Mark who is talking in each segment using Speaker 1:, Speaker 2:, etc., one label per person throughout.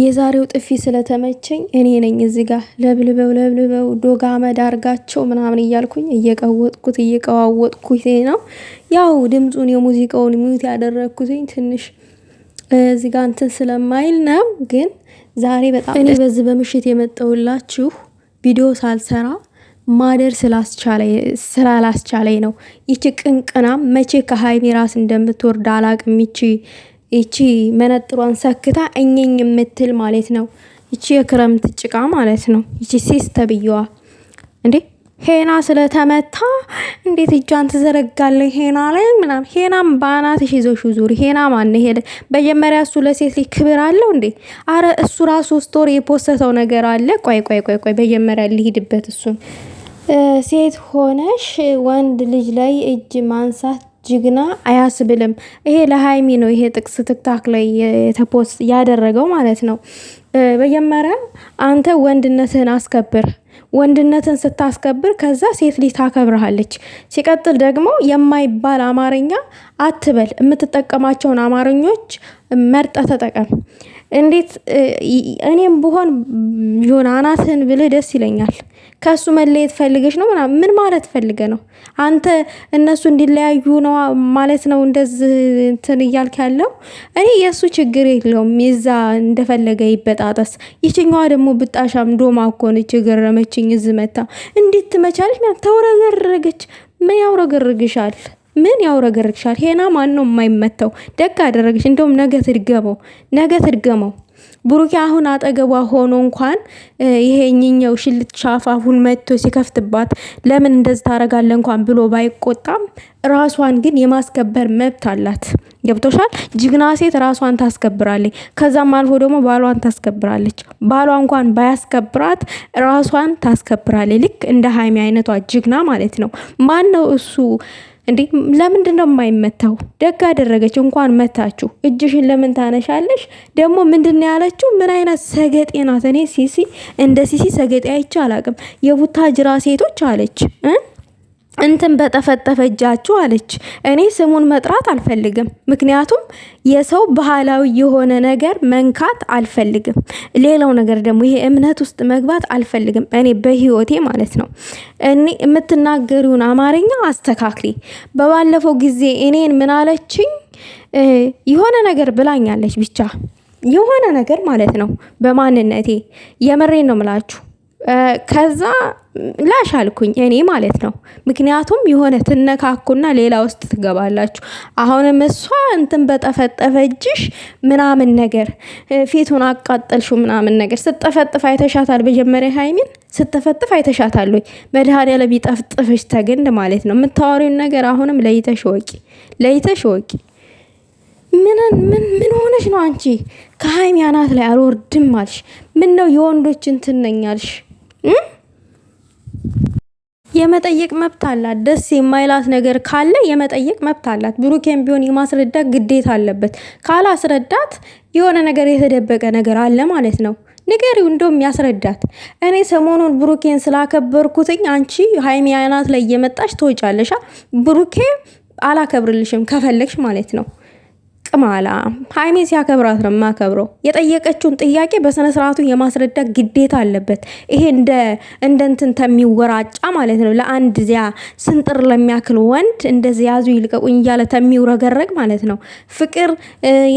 Speaker 1: የዛሬው ጥፊ ስለተመቸኝ እኔ ነኝ እዚህ ጋር ለብልበው ለብልበው ዶጋ መዳርጋቸው ምናምን እያልኩኝ እየቀወጥኩት እየቀዋወጥኩት ነው። ያው ድምፁን የሙዚቃውን ሚዩት ያደረግኩትኝ ትንሽ እዚህ ጋር እንትን ስለማይል ነው። ግን ዛሬ በጣም እኔ በዚህ በምሽት የመጠውላችሁ ቪዲዮ ሳልሰራ ማደር ስላላስቻለኝ ነው። ይቺ ቅንቅናም መቼ ከሀይሜ ራስ እንደምትወርድ አላቅም። ይቺ ይቺ መነጥሯን ሰክታ እኝኝ የምትል ማለት ነው። ይቺ የክረምት ጭቃ ማለት ነው። ይቺ ሴስ ተብዬዋ እንዴ ሄና ስለተመታ እንዴት እጇን ትዘረጋለን? ሄና ላይ ምናም ሄናም በአናትሽ ይዘሽ ዙሪ። ሄና ማን ሄደ? መጀመሪያ እሱ ለሴት ልጅ ክብር አለው እንዴ? አረ እሱ ራሱ ስቶሪ የፖስተው ነገር አለ። ቆይ ቆይ ቆይ ቆይ መጀመሪያ ሊሄድበት እሱን ሴት ሆነሽ ወንድ ልጅ ላይ እጅ ማንሳት ጅግና አያስብልም። ይሄ ለሀይሚ ነው ይሄ ጥቅስ ትክታክ ላይ የተፖስት ያደረገው ማለት ነው። መጀመሪያ አንተ ወንድነትህን አስከብር። ወንድነትን ስታስከብር ከዛ ሴት ልጅ ታከብረሃለች። ሲቀጥል ደግሞ የማይባል አማርኛ አትበል። የምትጠቀማቸውን አማርኞች መርጠ ተጠቀም። እንዴት እኔም ብሆን የሆነ አናትህን ብልህ ደስ ይለኛል። ከእሱ መለየት ፈልገች ነው ምናምን ምን ማለት ፈልገ ነው? አንተ እነሱ እንዲለያዩ ነው ማለት ነው እንደዚህ እንትን እያልክ ያለው? እኔ የእሱ ችግር የለውም የዛ እንደፈለገ ይበጣጠስ። ይችኛዋ ደግሞ ብጣሻም ዶማ እኮ ነች የገረመችኝ። እዝ መታ እንዴት ትመቻለች? ተውረገረገች። ምን ያውረገርግሻል? ምን ያውረገርግሻል? ሄና ማን ነው የማይመተው? ደግ አደረግሽ። እንደውም ነገ ትድገመው፣ ነገ ትድገመው። ብሩኬ አሁን አጠገቧ ሆኖ እንኳን ይሄ እኝኛው ሽልት ሻፋፉን መጥቶ ሲከፍትባት ለምን እንደዚህ ታረጋለ እንኳን ብሎ ባይቆጣም ራሷን ግን የማስከበር መብት አላት። ገብቶሻል? ጅግና ሴት ራሷን ታስከብራለች። ከዛም አልፎ ደግሞ ባሏን ታስከብራለች። ባሏ እንኳን ባያስከብራት ራሷን ታስከብራለች። ልክ እንደ ሀይሚ አይነቷ ጅግና ማለት ነው። ማን ነው እሱ እንዴ ለምንድን ነው የማይመታው? ደግ አደረገች። እንኳን መታችሁ። እጅሽን ለምን ታነሻለሽ? ደግሞ ምንድን ነው ያለችው? ምን አይነት ሰገጤ ናት? እኔ ሲሲ እንደ ሲሲ ሰገጤ አይቼ አላቅም። ጅራ ሴቶች አለች። እንትን በጠፈጠፈ እጃችሁ አለች። እኔ ስሙን መጥራት አልፈልግም፣ ምክንያቱም የሰው ባህላዊ የሆነ ነገር መንካት አልፈልግም። ሌላው ነገር ደግሞ ይሄ እምነት ውስጥ መግባት አልፈልግም፣ እኔ በህይወቴ ማለት ነው። እኔ የምትናገሪውን አማርኛ አስተካክሊ። በባለፈው ጊዜ እኔን ምን አለችኝ? የሆነ ነገር ብላኛለች፣ ብቻ የሆነ ነገር ማለት ነው በማንነቴ። የምሬን ነው ምላችሁ ከዛ ላሽ አልኩኝ እኔ ማለት ነው። ምክንያቱም የሆነ ትነካኩና ሌላ ውስጥ ትገባላችሁ። አሁንም እሷ እንትን በጠፈጠፈ እጅሽ ምናምን ነገር ፊቱን አቃጠልሹ ምናምን ነገር ስጠፈጥፍ አይተሻታል። መጀመሪያ ሀይሚን ስጠፈጥፍ አይተሻታል ወይ? መድኃኔዓለም ይጠፍጥፍሽ ተግንድ ማለት ነው። የምታወሪውን ነገር አሁንም ለይተሽ ወቂ፣ ለይተሽ ወቂ። ምን ምን ሆነሽ ነው አንቺ? ከሀይሚ አናት ላይ አልወርድም አልሽ። ምን ነው የወንዶች እንትን ነኝ አልሽ? የመጠየቅ መብት አላት። ደስ የማይላት ነገር ካለ የመጠየቅ መብት አላት። ብሩኬም ቢሆን የማስረዳት ግዴታ አለበት። ካላስረዳት የሆነ ነገር የተደበቀ ነገር አለ ማለት ነው። ንገሪው፣ እንደውም ያስረዳት። እኔ ሰሞኑን ብሩኬን ስላከበርኩትኝ አንቺ ሀይሚ ላይ እየመጣች ትወጫለሻ። ብሩኬ አላከብርልሽም ከፈለግሽ ማለት ነው። ማላ ሀይሜ ሲያከብራት ነው የማከብረው። የጠየቀችውን ጥያቄ በስነ ስርዓቱ የማስረዳ ግዴታ አለበት። ይሄ እንደ እንደንትን ተሚወራጫ ማለት ነው። ለአንድ ዚያ ስንጥር ለሚያክል ወንድ እንደዚህ ያዙ ይልቀቁኝ እያለ ተሚውረገረግ ማለት ነው። ፍቅር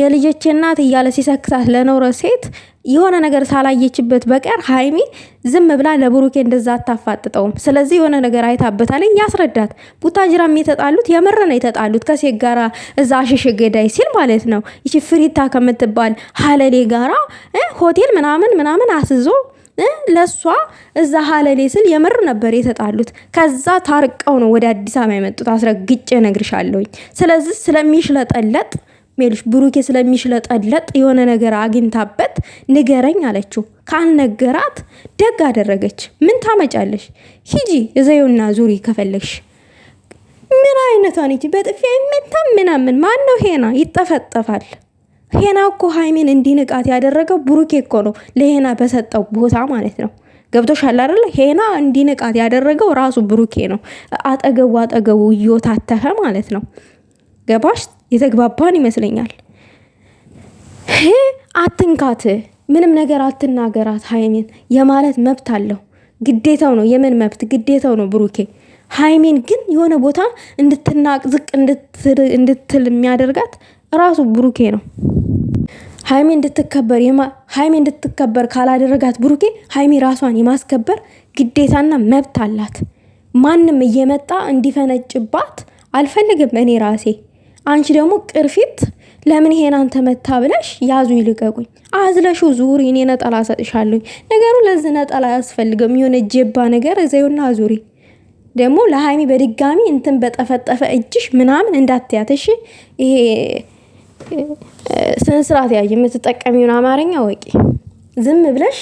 Speaker 1: የልጆች እናት እያለ ሲሰክሳት ለኖረ ሴት የሆነ ነገር ሳላየችበት በቀር ሀይሚ ዝም ብላ ለብሩኬ እንደዛ አታፋጥጠውም። ስለዚህ የሆነ ነገር አይታበታለኝ ያስረዳት። ቡታጅራም የተጣሉት የምር ነው የተጣሉት ከሴት ጋራ እዛ አሽሽ ገዳይ ሲል ማለት ነው ይቺ ፍሪታ ከምትባል ሀለሌ ጋራ ሆቴል ምናምን ምናምን አስዞ ለእሷ እዛ ሀለሌ ስል የምር ነበር የተጣሉት። ከዛ ታርቀው ነው ወደ አዲስ አበባ የመጡት። አስረግጬ ነግርሻለሁኝ። ስለዚህ ስለሚሽለጠለጥ ሜልሽ ብሩኬ ስለሚሽለጠለጥ የሆነ ነገር አግኝታበት ንገረኝ አለችው። ካልነገራት ደግ አደረገች። ምን ታመጫለሽ? ሂጂ እዘዩና ዙሪ ከፈለግሽ። ምን አይነቷ ነች? በጥፊ አይመታም ምናምን። ማን ነው ሄና? ይጠፈጠፋል። ሄና እኮ ሀይሜን እንዲንቃት ያደረገው ብሩኬ እኮ ነው፣ ለሄና በሰጠው ቦታ ማለት ነው። ገብቶሻል አይደለ? ሄና እንዲንቃት ያደረገው ራሱ ብሩኬ ነው። አጠገቡ አጠገቡ እየታተፈ ማለት ነው። ገባሽ? የተግባባን ይመስለኛል። አትንካት፣ ምንም ነገር አትናገራት ሀይሜን የማለት መብት አለው ግዴታው ነው። የምን መብት ግዴታው ነው ብሩኬ። ሀይሜን ግን የሆነ ቦታ እንድትናቅ ዝቅ እንድትል የሚያደርጋት ራሱ ብሩኬ ነው። ሀይሜ እንድትከበር ሀይሜ እንድትከበር ካላደረጋት ብሩኬ ሀይሜ ራሷን የማስከበር ግዴታና መብት አላት። ማንም እየመጣ እንዲፈነጭባት አልፈልግም እኔ ራሴ አንቺ ደግሞ ቅርፊት ለምን ይሄን አንተ መታ ብለሽ ያዙ ይልቀቁኝ፣ አዝለሹ ዙሪ፣ እኔ ነጠላ ሰጥሻለሁ ነገሩ ለዚህ ነጠላ አያስፈልገም። የሆነ ጀባ ነገር እዘዩና ዙሪ። ደግሞ ለሀይሚ በድጋሚ እንትን በጠፈጠፈ እጅሽ ምናምን እንዳትያትሽ። ይሄ ስነ ያ የምትጠቀሚውን አማርኛ ወቂ ዝም ብለሽ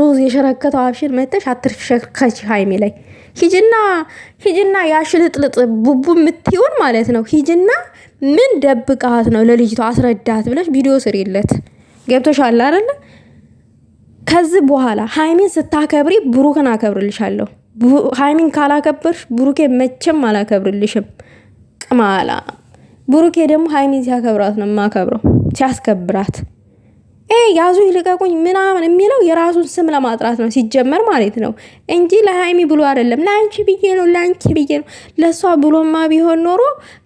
Speaker 1: ሮዝ የሸረከተው አብሽር መተሽ አትርሸከች ሀይሚ ላይ ሂጅና ሂጅና ያሽልጥልጥ ቡቡ የምትሆን ማለት ነው። ሂጅና ምን ደብቃት ነው ለልጅቷ አስረዳት ብለሽ ቪዲዮ ስሪለት። ገብቶሻል አይደለ? ከዚህ በኋላ ሀይሚን ስታከብሪ ብሩክን አከብርልሻለሁ። ሀይሚን ካላከበርሽ ብሩኬ መቼም አላከብርልሽም። ቅማላ ብሩኬ ደግሞ ሀይሚን ሲያከብራት ነው የማከብረው ሲያስከብራት ያዙ ይልቀቁኝ ምናምን የሚለው የራሱን ስም ለማጥራት ነው ሲጀመር ማለት ነው እንጂ ለሀይሚ ብሎ አይደለም። ለአንቺ ብዬ ነው ለአንቺ ብዬ ነው። ለእሷ ብሎማ ቢሆን ኖሮ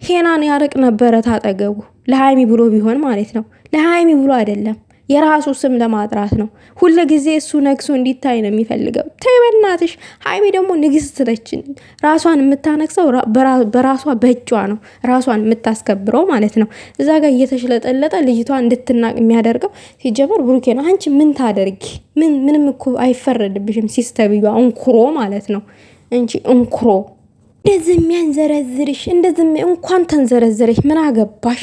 Speaker 1: ሄናን ያርቅ ነበረ ታጠገቡ። ለሀይሚ ብሎ ቢሆን ማለት ነው። ለሀይሚ ብሎ አይደለም። የራሱ ስም ለማጥራት ነው። ሁለ ጊዜ እሱ ነግሶ እንዲታይ ነው የሚፈልገው። ተይ በናትሽ። ሀይሚ ደግሞ ንግስት ነች። ራሷን የምታነግሰው በራሷ በእጇ ነው፣ ራሷን የምታስከብረው ማለት ነው። እዛ ጋር እየተሽለጠለጠ ልጅቷ እንድትናቅ የሚያደርገው ሲጀመር ብሩኬ ነው። አንቺ ምን ታደርጊ? ምን ምንም እኮ አይፈረድብሽም። ሲስተብዩ እንኩሮ ማለት ነው እንቺ እንኩሮ እንደዚህ የሚያንዘረዝርሽ እንደዚህ እንኳን ተንዘረዝርሽ ምን አገባሽ?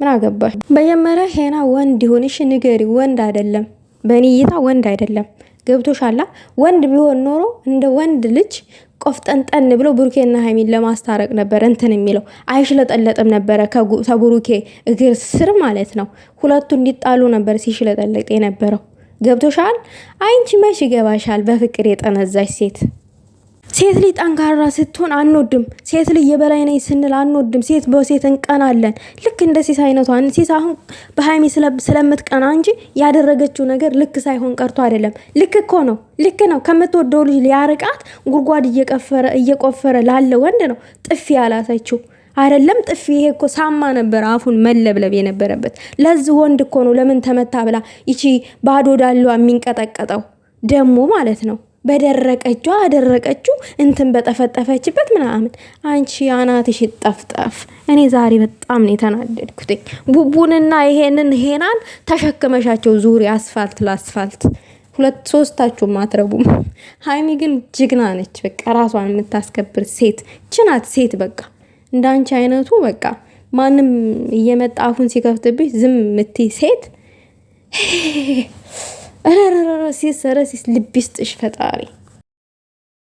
Speaker 1: ምን አገባሽ? መጀመሪያ ሄና ወንድ ይሁንሽ ንገሪ። ወንድ አይደለም፣ በእኔ እይታ ወንድ አይደለም። ገብቶሻላ? ወንድ ቢሆን ኖሮ እንደ ወንድ ልጅ ቆፍጠንጠን ብሎ ብሩኬና ሀይሚን ለማስታረቅ ነበር እንትን የሚለው አይሽለጠለጥም ነበረ። ከብሩኬ እግር ስር ማለት ነው ሁለቱ እንዲጣሉ ነበር ሲሽለጠለጥ የነበረው። ገብቶሻል? አይንቺ መች ይገባሻል? በፍቅር የጠነዛች ሴት ሴት ልጅ ጠንካራ ስትሆን አንወድም። ሴት ልጅ የበላይ ነኝ ስንል አንወድም። ሴት በሴት እንቀናለን። ልክ እንደ ሴት አይነቷ ሴት አሁን በሀይሚ ስለምትቀና እንጂ ያደረገችው ነገር ልክ ሳይሆን ቀርቶ አይደለም። ልክ እኮ ነው፣ ልክ ነው። ከምትወደው ልጅ ሊያርቃት ጉድጓድ እየቀፈረ እየቆፈረ ላለ ወንድ ነው ጥፊ ያላሰችው አይደለም ጥፊ። ይሄ እኮ ሳማ ነበር አፉን መለብለብ የነበረበት ለዚህ ወንድ እኮ ነው። ለምን ተመታ ብላ ይቺ ባዶ ዳሏ የሚንቀጠቀጠው ደግሞ ማለት ነው። በደረቀችው አደረቀችው እንትን በጠፈጠፈችበት ምናምን አንቺ አናትሽ ጠፍጠፍ። እኔ ዛሬ በጣም ነው የተናደድኩት። ቡቡንና ይሄንን ሄናን ተሸክመሻቸው ዙሪ አስፋልት ለአስፋልት ሁለት ሶስታችሁም አትረቡም። ሀይሚ ግን ጅግና ነች። በቃ ራሷን የምታስከብር ሴት ችናት ሴት በቃ እንዳንቺ አይነቱ በቃ ማንም እየመጣ አፉን ሲከፍትብሽ ዝም ምት ሴት ረረረ ሲሰረ ሲስ ልብ ይስጥሽ ፈጣሪ።